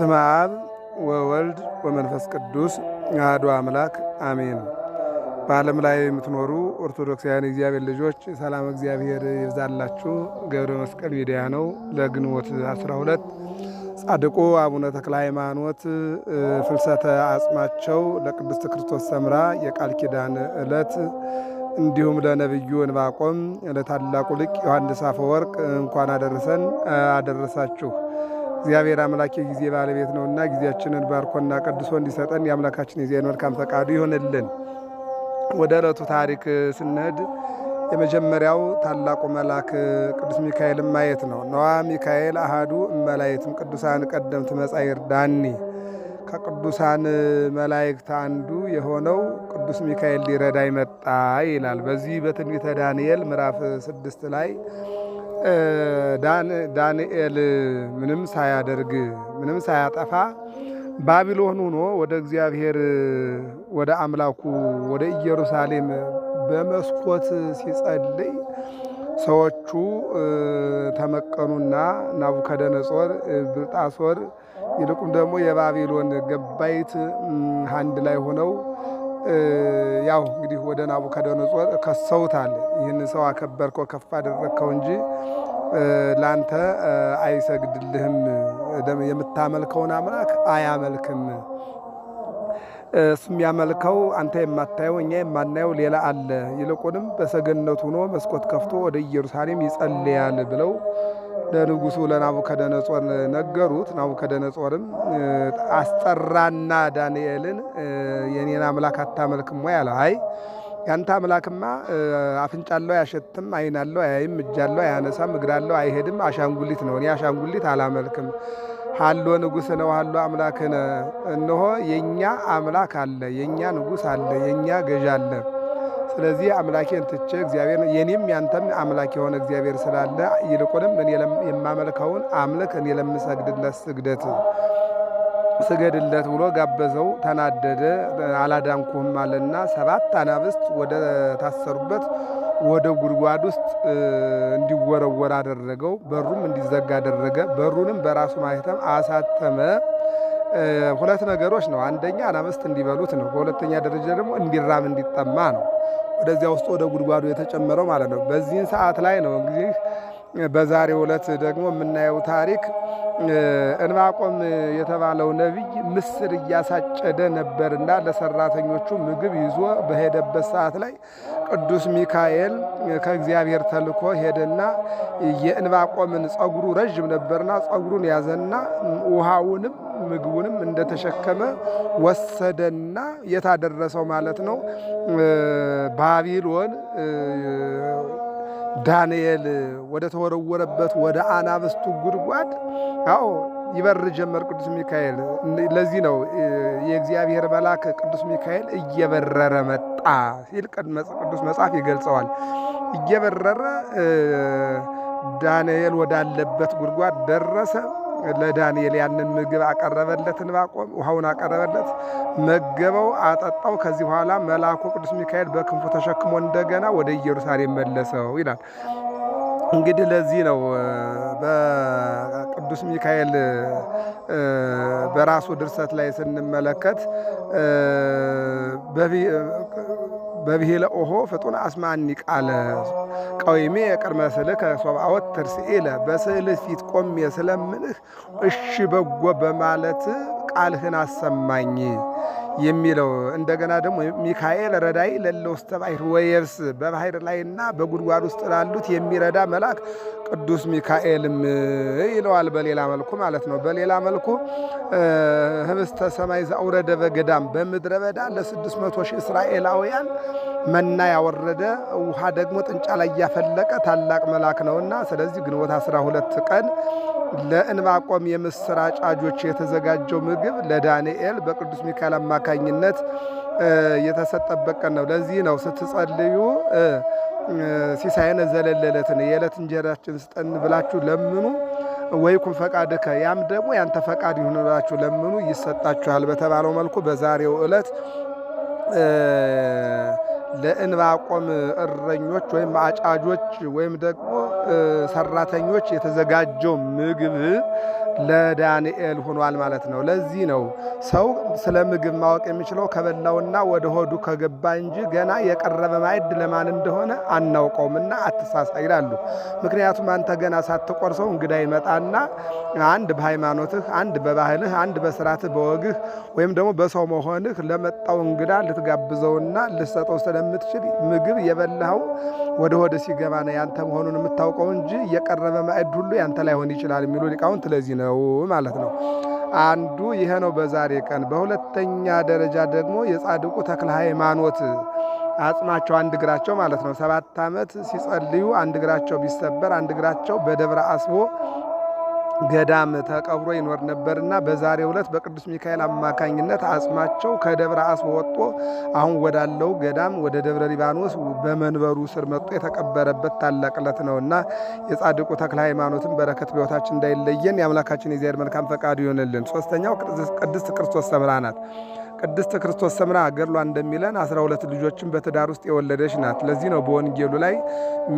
በስመ አብ ወወልድ ወመንፈስ ቅዱስ አሐዱ አምላክ አሜን። በዓለም ላይ የምትኖሩ ኦርቶዶክሳውያን እግዚአብሔር ልጆች ሰላም እግዚአብሔር ይብዛላችሁ። ገብረ መስቀል ሚዲያ ነው። ለግንቦት 12 ጻድቁ አቡነ ተክለ ሃይማኖት ፍልሰተ አጽማቸው ለቅድስት ክርስቶስ ሰምራ የቃል ኪዳን ዕለት እንዲሁም ለነቢዩ እንባቆም ለታላቁ ሊቅ ዮሐንስ አፈወርቅ እንኳን አደረሰን አደረሳችሁ። እግዚአብሔር አምላክ የጊዜ ባለቤት ነውና ጊዜያችንን ባርኮና ቀድሶ እንዲሰጠን የአምላካችን የዜ መልካም ፈቃዱ ይሆንልን። ወደ ዕለቱ ታሪክ ስንሄድ የመጀመሪያው ታላቁ መልአክ ቅዱስ ሚካኤልን ማየት ነው። ነዋ ሚካኤል አሃዱ እመላየትም ቅዱሳን ቀደምት መጻይር ዳኒ ከቅዱሳን መላእክት አንዱ የሆነው ቅዱስ ሚካኤል ሊረዳ ይመጣ ይላል። በዚህ በትንቢተ ዳንኤል ምዕራፍ ስድስት ላይ ዳንኤል ምንም ሳያደርግ ምንም ሳያጠፋ ባቢሎን ሆኖ ወደ እግዚአብሔር ወደ አምላኩ ወደ ኢየሩሳሌም በመስኮት ሲጸልይ ሰዎቹ ተመቀኑና ናቡከደነጾር፣ ብልጣሶር ይልቁም ደግሞ የባቢሎን ገባይት አንድ ላይ ሆነው ያው እንግዲህ ወደ ናቡከደነጾር ከሰውታል። ይህን ሰው አከበርከው ከፍ አደረግከው እንጂ ለአንተ አይሰግድልህም፣ የምታመልከውን አምላክ አያመልክም። እሱ የሚያመልከው አንተ የማታየው እኛ የማናየው ሌላ አለ። ይልቁንም በሰገነቱ ሆኖ መስኮት ከፍቶ ወደ ኢየሩሳሌም ይጸልያል ብለው ለንጉሱ ለናቡከደነጾር ነገሩት። ናቡከደነጾርም አስጠራና ዳንኤልን የኔን አምላክ አታመልክም ወይ አለ። አይ ያንተ አምላክማ አፍንጫለው አያሸትም፣ አይናለው አያይም፣ እጃለው አያነሳም፣ እግራለው አይሄድም፣ አሻንጉሊት ነው። እኔ አሻንጉሊት አላመልክም። ሀሎ ንጉሥ ነው ሀሎ አምላክነ። እነሆ የእኛ አምላክ አለ፣ የእኛ ንጉሥ አለ፣ የእኛ ገዣ አለ ስለዚህ አምላኬን ትቼ እግዚአብሔር የኔም ያንተም አምላክ የሆነ እግዚአብሔር ስላለ ይልቁንም እኔ የማመልከውን አምልክ፣ እኔ ለምሰግድለት ስግደት ስገድለት ብሎ ጋበዘው። ተናደደ፣ አላዳንኩም አለና ሰባት አናብስት ወደ ታሰሩበት ወደ ጉድጓድ ውስጥ እንዲወረወር አደረገው። በሩም እንዲዘጋ አደረገ። በሩንም በራሱ ማህተም አሳተመ። ሁለት ነገሮች ነው። አንደኛ አናብስት እንዲበሉት ነው። በሁለተኛ ደረጃ ደግሞ እንዲራም እንዲጠማ ነው። ወደዚያ ውስጥ ወደ ጉድጓዱ የተጨመረው ማለት ነው። በዚህን ሰዓት ላይ ነው እንግዲህ በዛሬው ዕለት ደግሞ የምናየው ታሪክ እንባቆም የተባለው ነቢይ ምስር እያሳጨደ ነበርና ለሰራተኞቹ ምግብ ይዞ በሄደበት ሰዓት ላይ ቅዱስ ሚካኤል ከእግዚአብሔር ተልኮ ሄደና የእንባቆምን ጸጉሩ ረዥም ነበርና ጸጉሩን ያዘና ውሃውንም ምግቡንም እንደተሸከመ ወሰደና የታደረሰው ማለት ነው ባቢሎን ዳንኤል ወደ ተወረወረበት ወደ አናብስቱ ጉድጓድ አዎ ይበር ጀመር ቅዱስ ሚካኤል። ለዚህ ነው የእግዚአብሔር መልአክ ቅዱስ ሚካኤል እየበረረ መጣ ሲል ቅዱስ መጽሐፍ ይገልጸዋል። እየበረረ ዳንኤል ወዳለበት ጉድጓድ ደረሰ። ለዳንኤል ያንን ምግብ አቀረበለት፣ ዕንባቆም ውሃውን አቀረበለት፣ መገበው፣ አጠጣው። ከዚህ በኋላ መልአኩ ቅዱስ ሚካኤል በክንፉ ተሸክሞ እንደገና ወደ ኢየሩሳሌም መለሰው ይላል። እንግዲህ ለዚህ ነው በቅዱስ ሚካኤል በራሱ ድርሰት ላይ ስንመለከት በብሄለ ኦሆ ፍጡን አስማኒ ቃለ ቀዊሜ የቅድመ ስልከ ከሶብአወት ትርስኤለ በስዕልህ ፊት ቆሜ ስለምንህ እሺ በጎ በማለት ቃልህን አሰማኝ የሚለው እንደገና ደግሞ ሚካኤል ረዳይ ለለ ውስተ ባሕር ወየብስ በባሕር ላይና በጉድጓድ ውስጥ ላሉት የሚረዳ መልአክ ቅዱስ ሚካኤልም ይለዋል። በሌላ መልኩ ማለት ነው። በሌላ መልኩ ህብስተ ሰማይ ዘአውረደ በገዳም በምድረ በዳ ለስድስት መቶ ሺህ እስራኤላውያን መና ያወረደ ውሃ ደግሞ ጥንጫ ላይ እያፈለቀ ታላቅ መልአክ ነውና ስለዚህ ግንቦት 12 ቀን ለእንባቆም የምስር አጫጆች የተዘጋጀው ምግብ ለዳንኤል በቅዱስ ሚካኤል አማካኝነት የተሰጠበት ቀን ነው። ለዚህ ነው ስትጸልዩ ሲሳይነ ዘለለለትን የዕለት እንጀራችን ስጠን ብላችሁ ለምኑ ወይኩም ፈቃድከ ያም ደግሞ ያንተ ፈቃድ ይሁን ብላችሁ ለምኑ ይሰጣችኋል በተባለው መልኩ በዛሬው ዕለት ለእንባቆም እረኞች ወይም አጫጆች ወይም ደግሞ ሰራተኞች የተዘጋጀው ምግብ ለዳንኤል ሆኗል ማለት ነው። ለዚህ ነው ሰው ስለ ምግብ ማወቅ የሚችለው ከበላውና ወደ ሆዱ ከገባ እንጂ ገና የቀረበ ማዕድ ለማን እንደሆነ አናውቀውምና አትሳሳ ይላሉ። ምክንያቱም አንተ ገና ሳትቆርሰው እንግዳ ይመጣና አንድ በሃይማኖትህ፣ አንድ በባህልህ፣ አንድ በስርዓትህ፣ በወግህ ወይም ደግሞ በሰው መሆንህ ለመጣው እንግዳ ልትጋብዘውና ልትሰጠው ስለምትችል ምግብ የበላኸው ወደ ሆድ ሲገባ ነው ያንተ መሆኑን የምታውቀው የምታውቀው እንጂ የቀረበ ማዕድ ሁሉ ያንተ ላይሆን ይችላል የሚሉ ሊቃውንት ለዚህ ነው ማለት ነው። አንዱ ይሄ ነው በዛሬ ቀን። በሁለተኛ ደረጃ ደግሞ የጻድቁ ተክለ ሃይማኖት አጽማቸው አንድ እግራቸው ማለት ነው ሰባት ዓመት ሲጸልዩ አንድ እግራቸው ቢሰበር አንድ እግራቸው በደብረ አስቦ ገዳም ተቀብሮ ይኖር ነበርና በዛሬው ዕለት በቅዱስ ሚካኤል አማካኝነት አጽማቸው ከደብረ አስ ወጥቶ አሁን ወዳለው ገዳም ወደ ደብረ ሊባኖስ በመንበሩ ስር መጥቶ የተቀበረበት ታላቅ ዕለት ነውና የጻድቁ ተክለ ሃይማኖትን በረከት በሕይወታችን እንዳይለየን የአምላካችን የእግዚአብሔር መልካም ፈቃዱ ይሆንልን። ሶስተኛው ቅድስት ክርስቶስ ሰምራ ናት። ቅድስት ክርስቶስ ሰምራ ገድሏ እንደሚለን 12 ልጆችን በትዳር ውስጥ የወለደች ናት። ለዚህ ነው በወንጌሉ ላይ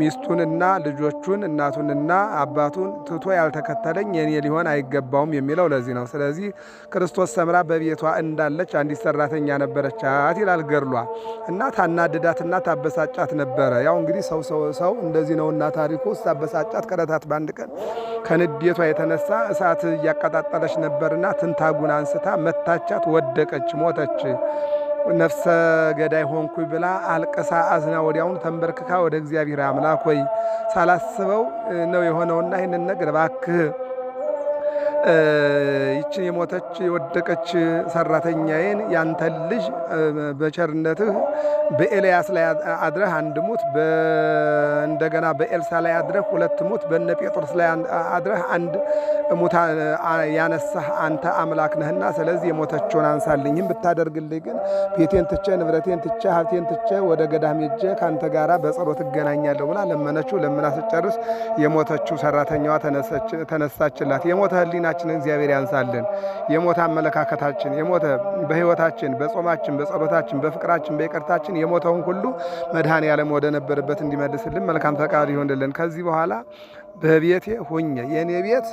ሚስቱንና ልጆቹን እናቱንና አባቱን ትቶ ያልተከተለኝ የኔ ሊሆን አይገባውም የሚለው ለዚህ ነው። ስለዚህ ክርስቶስ ሰምራ በቤቷ እንዳለች አንዲት ሰራተኛ ነበረቻት ይላል ገድሏ እና ታናድዳትና ታበሳጫት ነበረ። ያው እንግዲህ ሰው ሰው ሰው እንደዚህ ነውና ታሪኩ ታበሳጫት ከረታት በአንድ ቀን ከንዴቷ የተነሳ እሳት እያቀጣጠለች ነበርና ትንታጉን አንስታ መታቻት፣ ወደቀች። ሞተች። ነፍሰ ገዳይ ሆንኩ ብላ አልቅሳ አዝና ወዲያውን ተንበርክካ ወደ እግዚአብሔር አምላክ ሆይ ሳላስበው ነው የሆነውና ይህንን ነገር እባክህ ይችን የሞተች የወደቀች ሰራተኛዬን ያንተ ልጅ በቸርነትህ በኤልያስ ላይ አድረህ አንድ ሙት፣ እንደገና በኤልሳ ላይ አድረህ ሁለት ሙት፣ በነ ጴጥሮስ ላይ አድረህ አንድ ሙታ ያነሳህ አንተ አምላክ ነህና፣ ስለዚህ የሞተችውን አንሳልኝም ብታደርግልኝ ግን ቤቴን ትቼ ንብረቴን ትቼ ሀብቴን ትቼ ወደ ገዳም ሄጄ ከአንተ ጋራ በጸሎት እገናኛለሁ ብላ ለመነችው። ለምና ስጨርስ የሞተችው ሰራተኛዋ ተነሳችላት። የሞተ ህሊናችንን እግዚአብሔር ያንሳልን። የሞተ አመለካከታችን የሞተ በህይወታችን በጾማችን በጸሎታችን በፍቅራችን በይቅርታችን የሞተውን ሁሉ መድኃኔ ዓለም ወደ ነበረበት እንዲመልስልን መልካም ፈቃድ ይሆንልን። ከዚህ በኋላ በቤቴ ሆኜ የእኔ ቤት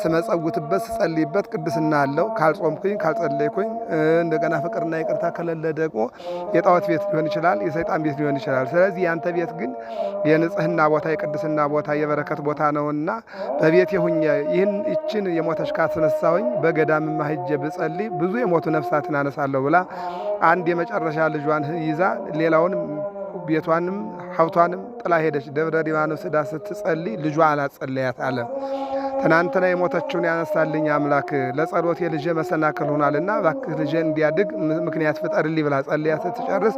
ስመጸውትበት ስጸልይበት ቅድስና አለው። ካልጾምኩኝ ካልጸለይኩኝ እንደገና ፍቅርና ይቅርታ ከሌለ ደግሞ የጣዖት ቤት ሊሆን ይችላል፣ የሰይጣን ቤት ሊሆን ይችላል። ስለዚህ ያንተ ቤት ግን የንጽህና ቦታ፣ የቅድስና ቦታ፣ የበረከት ቦታ ነውና በቤቴ ሆኜ ይህን ይችን የሞተች ካስነሳሁኝ በገዳምማ ሂጄ ብጸልይ ብዙ የሞቱ ነፍሳትን አነሳለሁ ብላ አንድ የመጨረሻ ልጇን ይዛ ሌላውን ቤቷንም ሀብቷንም ጥላ ሄደች። ደብረ ሊባኖስ ዳ ስትጸልይ ልጇ አላጸለያት አለ። ትናንትና የሞተችውን ያነሳልኝ አምላክ ለጸሎት የልጄ መሰናክል ሆኗልና እባክህ ልጄ እንዲያድግ ምክንያት ፍጠርልኝ ብላ ጸልያ ስትጨርስ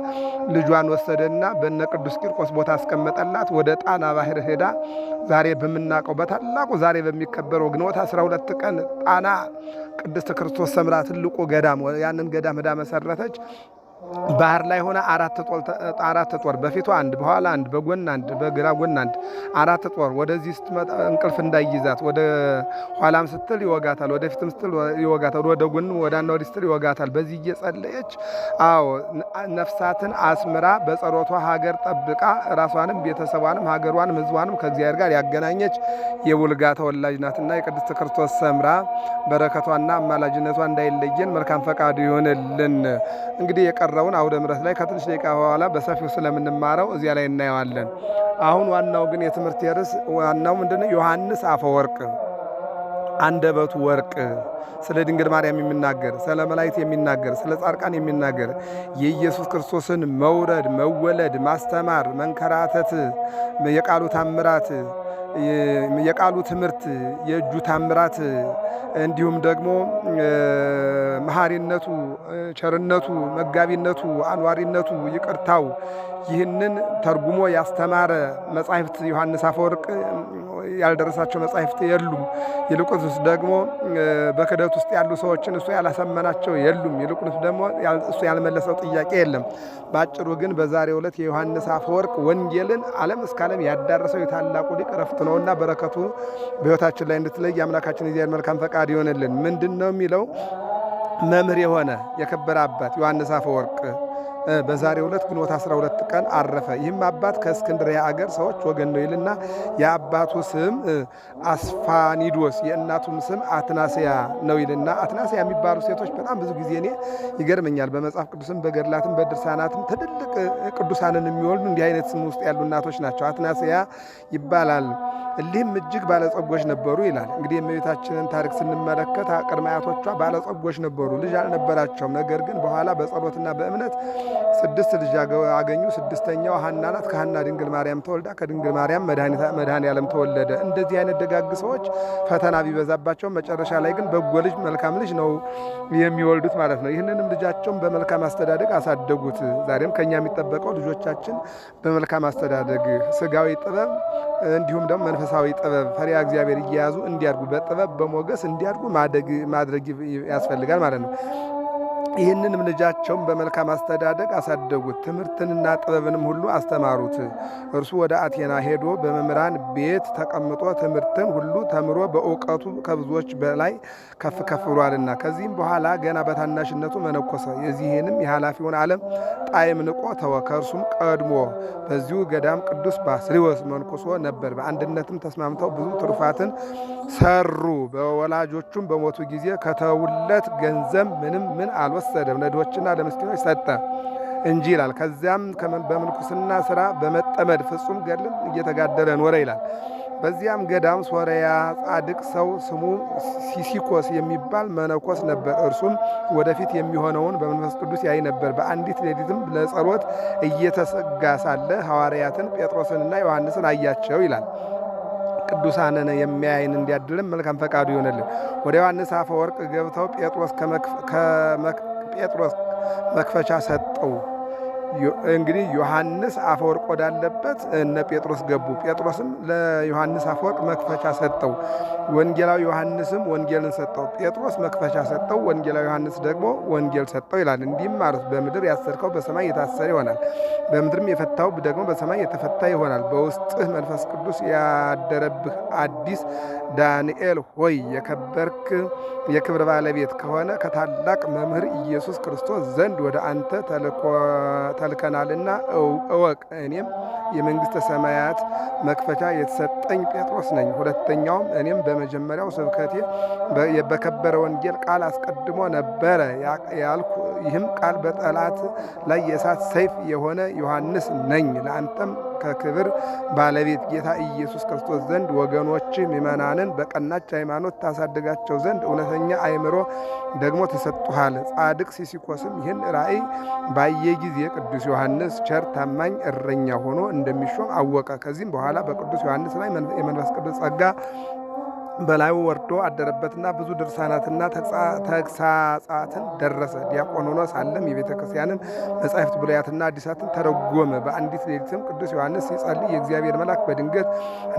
ልጇን ወሰደና በነ ቅዱስ ቂርቆስ ቦታ አስቀመጠላት። ወደ ጣና ባህር ሄዳ ዛሬ በምናውቀው በታላቁ ዛሬ በሚከበረው ግንቦት 12 ቀን ጣና ቅድስት ክርስቶስ ሰምራ ትልቁ ገዳም ያንን ገዳም ሄዳ መሰረተች። ባህር ላይ ሆነ አራት ጦር በፊቱ አንድ በኋላ አንድ በጎን አንድ በግራ ጎን አንድ አራት ጦር ወደዚህ ስትመጣ እንቅልፍ እንዳይይዛት ወደ ኋላም ስትል ይወጋታል፣ ወደፊትም ስትል ይወጋታል፣ ወደ ጎን ወዳና ወዲህ ስትል ይወጋታል። በዚህ እየጸለየች አዎ ነፍሳትን አስምራ በጸሎቷ ሀገር ጠብቃ ራሷንም ቤተሰቧንም ሀገሯንም ሕዝቧንም ከእግዚአብሔር ጋር ያገናኘች የውልጋ ተወላጅ ናትና የቅድስት ክርስቶስ ሰምራ በረከቷና አማላጅነቷ እንዳይለየን መልካም ፈቃዱ ይሆንልን። እንግዲህ የቀ የቀረውን አውደ ምረት ላይ ከትንሽ ደቂቃ በኋላ በሰፊው ስለምንማረው እዚያ ላይ እናየዋለን። አሁን ዋናው ግን የትምህርት ርዕስ ዋናው ምንድን ነው? ዮሐንስ አፈወርቅ አንደበቱ ወርቅ ስለ ድንግል ማርያም የሚናገር ስለ መላእክት የሚናገር ስለ ጻድቃን የሚናገር የኢየሱስ ክርስቶስን መውረድ፣ መወለድ፣ ማስተማር፣ መንከራተት፣ የቃሉ ታምራት የቃሉ ትምህርት፣ የእጁ ታምራት እንዲሁም ደግሞ መሐሪነቱ፣ ቸርነቱ፣ መጋቢነቱ፣ አንዋሪነቱ፣ ይቅርታው ይህንን ተርጉሞ ያስተማረ መጻሕፍት ዮሐንስ አፈወርቅ ያልደረሳቸው መጻሕፍት የሉም። ይልቁንስ ደግሞ በክደት ውስጥ ያሉ ሰዎችን እሱ ያላሰመናቸው የሉም። ይልቁንስ ደግሞ እሱ ያልመለሰው ጥያቄ የለም። በአጭሩ ግን በዛሬ ዕለት የዮሐንስ አፈወርቅ ወንጌልን ዓለም እስከ ዓለም ያዳረሰው የታላቁ ሊቅ ረፍት ነውና በረከቱ በሕይወታችን ላይ እንድትለይ የአምላካችን እግዚአብሔር መልካም ፈቃድ ይሆንልን። ምንድን ነው የሚለው መምህር የሆነ የከበረ አባት ዮሐንስ አፈወርቅ በዛሬ ዕለት ግንቦት 12 ቀን አረፈ። ይህም አባት ከእስክንድርያ አገር ሰዎች ወገን ነው ይልና የአባቱ ስም አስፋኒዶስ የእናቱም ስም አትናስያ ነው ይልና አትናስያ የሚባሉ ሴቶች በጣም ብዙ ጊዜ እኔ ይገርመኛል። በመጽሐፍ ቅዱስም በገድላትም በድርሳናትም ትልልቅ ቅዱሳንን የሚወልዱ እንዲህ አይነት ስም ውስጥ ያሉ እናቶች ናቸው። አትናስያ ይባላል። እሊህም እጅግ ባለጸጎች ነበሩ ይላል። እንግዲህ የእመቤታችንን ታሪክ ስንመለከት ቅድመ አያቶቿ ባለጸጎች ነበሩ፣ ልጅ አልነበራቸውም። ነገር ግን በኋላ በጸሎትና በእምነት ስድስት ልጅ አገኙ። ስድስተኛው ሀና ናት። ከሀና ድንግል ማርያም ተወልዳ ከድንግል ማርያም መድኃኔ ዓለም ተወለደ። እንደዚህ አይነት ደጋግ ሰዎች ፈተና ቢበዛባቸውም መጨረሻ ላይ ግን በጎ ልጅ መልካም ልጅ ነው የሚወልዱት ማለት ነው። ይህንንም ልጃቸውን በመልካም አስተዳደግ አሳደጉት። ዛሬም ከኛ የሚጠበቀው ልጆቻችን በመልካም አስተዳደግ ስጋዊ ጥበብ እንዲሁም ደግሞ መንፈሳዊ ጥበብ ፈሪያ እግዚአብሔር እየያዙ እንዲያድጉ በጥበብ በሞገስ እንዲያድጉ ማድረግ ያስፈልጋል ማለት ነው። ይህንንም ልጃቸውን በመልካም አስተዳደግ አሳደጉት። ትምህርትንና ጥበብንም ሁሉ አስተማሩት። እርሱ ወደ አቴና ሄዶ በመምህራን ቤት ተቀምጦ ትምህርትን ሁሉ ተምሮ በእውቀቱ ከብዙዎች በላይ ከፍ ከፍ ብሏልና። ከዚህም በኋላ ገና በታናሽነቱ መነኮሰ። የዚህንም የኃላፊውን ዓለም ጣይም ንቆ ተወ። ከእርሱም ቀድሞ በዚሁ ገዳም ቅዱስ ባስልዮስ መንኩሶ ነበር። በአንድነትም ተስማምተው ብዙ ትሩፋትን ሰሩ። በወላጆቹም በሞቱ ጊዜ ከተውለት ገንዘብ ምንም ምን አልወ ወሰደ፣ ለድሆችና ለምስኪኖች ሰጠ እንጂ ይላል። ከዚያም በምንኩስና ስራ በመጠመድ ፍጹም ገድልም እየተጋደለ ኖረ ይላል። በዚያም ገዳም ሶርያ ጻድቅ ሰው ስሙ ሲሲኮስ የሚባል መነኮስ ነበር። እርሱም ወደፊት የሚሆነውን በመንፈስ ቅዱስ ያይ ነበር። በአንዲት ሌሊትም ለጸሎት እየተሰጋ ሳለ ሐዋርያትን ጴጥሮስንና ዮሐንስን አያቸው ይላል። ቅዱሳንን የሚያይን እንዲያድልም መልካም ፈቃዱ ይሆንልን። ወደ ዮሐንስ አፈወርቅ ገብተው ጴጥሮስ ጴጥሮስ መክፈቻ ሰጠው። እንግዲህ ዮሐንስ አፈወርቅ ወዳለበት እነ ጴጥሮስ ገቡ። ጴጥሮስም ለዮሐንስ አፈወርቅ መክፈቻ ሰጠው። ወንጌላዊ ዮሐንስም ወንጌልን ሰጠው። ጴጥሮስ መክፈቻ ሰጠው፣ ወንጌላዊ ዮሐንስ ደግሞ ወንጌል ሰጠው ይላል። እንዲህም ማለት በምድር ያሰርከው በሰማይ የታሰረ ይሆናል፣ በምድርም የፈታው ደግሞ በሰማይ የተፈታ ይሆናል። በውስጥህ መንፈስ ቅዱስ ያደረብህ አዲስ ዳንኤል ሆይ የከበርክ የክብር ባለቤት ከሆነ ከታላቅ መምህር ኢየሱስ ክርስቶስ ዘንድ ወደ አንተ ተልኮ ተልከናልና እወቅ፣ እኔም የመንግሥተ ሰማያት መክፈቻ የተሰጠኝ ጴጥሮስ ነኝ። ሁለተኛውም እኔም በመጀመሪያው ስብከቴ በከበረ ወንጌል ቃል አስቀድሞ ነበረ ያልኩ፣ ይህም ቃል በጠላት ላይ የእሳት ሰይፍ የሆነ ዮሐንስ ነኝ። ለአንተም ከክብር ባለቤት ጌታ ኢየሱስ ክርስቶስ ዘንድ ወገኖች ምእመናንን በቀናች ሃይማኖት ታሳድጋቸው ዘንድ እውነተኛ አእምሮ ደግሞ ተሰጥቶሃል። ጻድቅ ሲሲኮስም ይህን ራእይ ባየ ጊዜ ቅዱስ ዮሐንስ ቸር ታማኝ እረኛ ሆኖ እንደሚሾም አወቀ። ከዚህም በኋላ በቅዱስ ዮሐንስ ላይ የመንፈስ ቅዱስ ጸጋ በላዩ ወርዶ አደረበትና ብዙ ድርሳናትና ተግሳጻትን ደረሰ። ዲያቆን ሆኖ ሳለም የቤተ ክርስቲያንን መጻሕፍት ብሉያትና አዲሳትን ተረጎመ። በአንዲት ሌሊትም ቅዱስ ዮሐንስ ሲጸልይ የእግዚአብሔር መልአክ በድንገት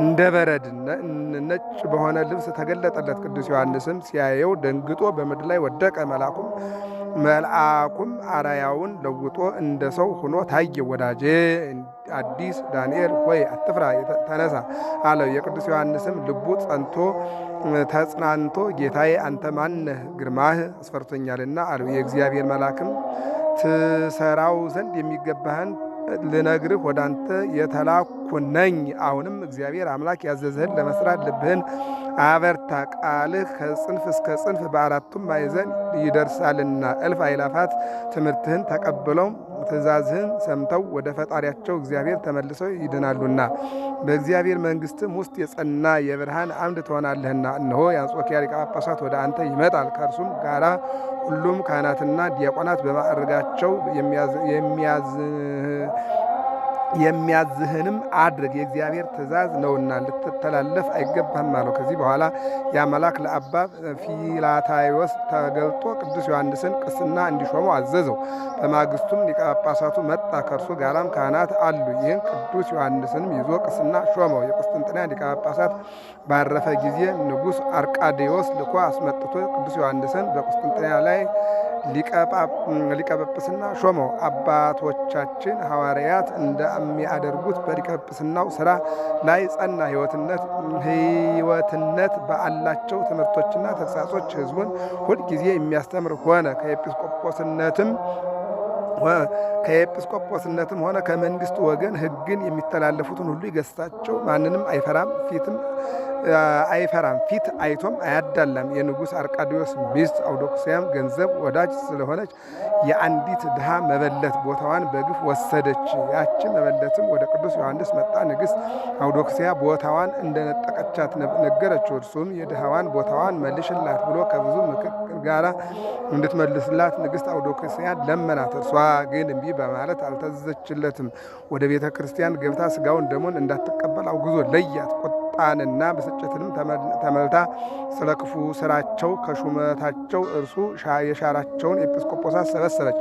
እንደ በረድ ነጭ በሆነ ልብስ ተገለጠለት። ቅዱስ ዮሐንስም ሲያየው ደንግጦ በምድር ላይ ወደቀ። መልአኩም መልአኩም አራያውን ለውጦ እንደ ሰው ሆኖ ታየ። ወዳጄ አዲስ ዳንኤል ሆይ አትፍራ፣ ተነሳ አለው። የቅዱስ ዮሐንስም ልቡ ጸንቶ ተጽናንቶ ጌታዬ አንተ ማነህ? ግርማህ አስፈርቶኛልና አለው። የእግዚአብሔር መልአክም ትሰራው ዘንድ የሚገባህን ልነግርህ ወደ አንተ የተላኩ ነኝ። አሁንም እግዚአብሔር አምላክ ያዘዝህን ለመስራት ልብህን አበርታ፣ ቃልህ ከጽንፍ እስከ ጽንፍ በአራቱም ማዕዘን ይደርሳልና። እልፍ አይላፋት ትምህርትህን ተቀብለው ትእዛዝህን ሰምተው ወደ ፈጣሪያቸው እግዚአብሔር ተመልሰው ይድናሉና በእግዚአብሔር መንግስትም ውስጥ የጸና የብርሃን አምድ ትሆናለህና እነሆ የአንጾኪያ ሊቀ ጳጳሳት ወደ አንተ ይመጣል። ከእርሱም ጋራ ሁሉም ካህናትና ዲያቆናት በማዕርጋቸው የሚያዝ የሚያዝህንም አድርግ የእግዚአብሔር ትእዛዝ ነውና ልትተላለፍ አይገባህም አለው። ከዚህ በኋላ የአመላክ መልአክ ለአባ ፊላታዮስ ተገልጦ ቅዱስ ዮሐንስን ቅስና እንዲሾመው አዘዘው። በማግስቱም ሊቀ ጳጳሳቱ መጣ፣ ከእርሱ ጋራም ካህናት አሉ። ይህን ቅዱስ ዮሐንስንም ይዞ ቅስና ሾመው። የቁስጥንጥንያ ሊቀ ጳጳሳት ባረፈ ጊዜ ንጉሥ አርቃዴዎስ ልኮ አስመጥቶ ቅዱስ ዮሐንስን በቁስጥንጥንያ ላይ ሊቀ ሾመው። አባቶቻችን ሐዋርያት እንደሚያደርጉት በሊቀ ስራ ላይ ጸና ህይወትነት ባላቸው ትምህርቶችና ተግሳጾች ሕዝቡን ሁልጊዜ የሚያስተምር ሆነ። ከኤጲስቆጶስነትም ከኤጲስቆጶስነትም ሆነ ከመንግስት ወገን ህግን የሚተላለፉትን ሁሉ ይገሳቸው። ማንንም አይፈራም ፊትም አይፈራም፣ ፊት አይቶም አያዳላም። የንጉሥ አርቃዲዎስ ሚስት አውዶክሲያም ገንዘብ ወዳጅ ስለሆነች የአንዲት ድሃ መበለት ቦታዋን በግፍ ወሰደች። ያች መበለትም ወደ ቅዱስ ዮሐንስ መጣ። ንግሥት አውዶክሲያ ቦታዋን እንደነጠቀቻት ነገረችው። እርሱም የድሃዋን ቦታዋን መልሽላት ብሎ ከብዙ ምክክር ጋር እንድትመልስላት ንግሥት አውዶክሲያ ለመናት። እርሷ ግን እምቢ በማለት አልተዘችለትም። ወደ ቤተ ክርስቲያን ገብታ ስጋውን ደሞን እንዳትቀበል አውግዞ ለያት። ቁጣንና ብስጭትንም ተመልታ ስለ ክፉ ስራቸው ከሹመታቸው እርሱ የሻራቸውን ኤጲስቆጶሳት ሰበሰበች።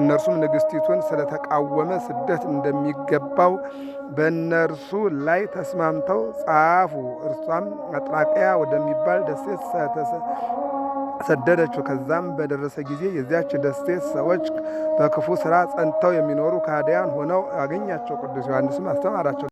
እነርሱም ንግስቲቱን ስለተቃወመ ስደት እንደሚገባው በእነርሱ ላይ ተስማምተው ጻፉ። እርሷም አጥራቅያ ወደሚባል ደሴት ሰደደችው። ከዛም በደረሰ ጊዜ የዚያች ደሴት ሰዎች በክፉ ስራ ጸንተው የሚኖሩ ካህዲያን ሆነው አገኛቸው። ቅዱስ ዮሐንስም አስተማራቸው።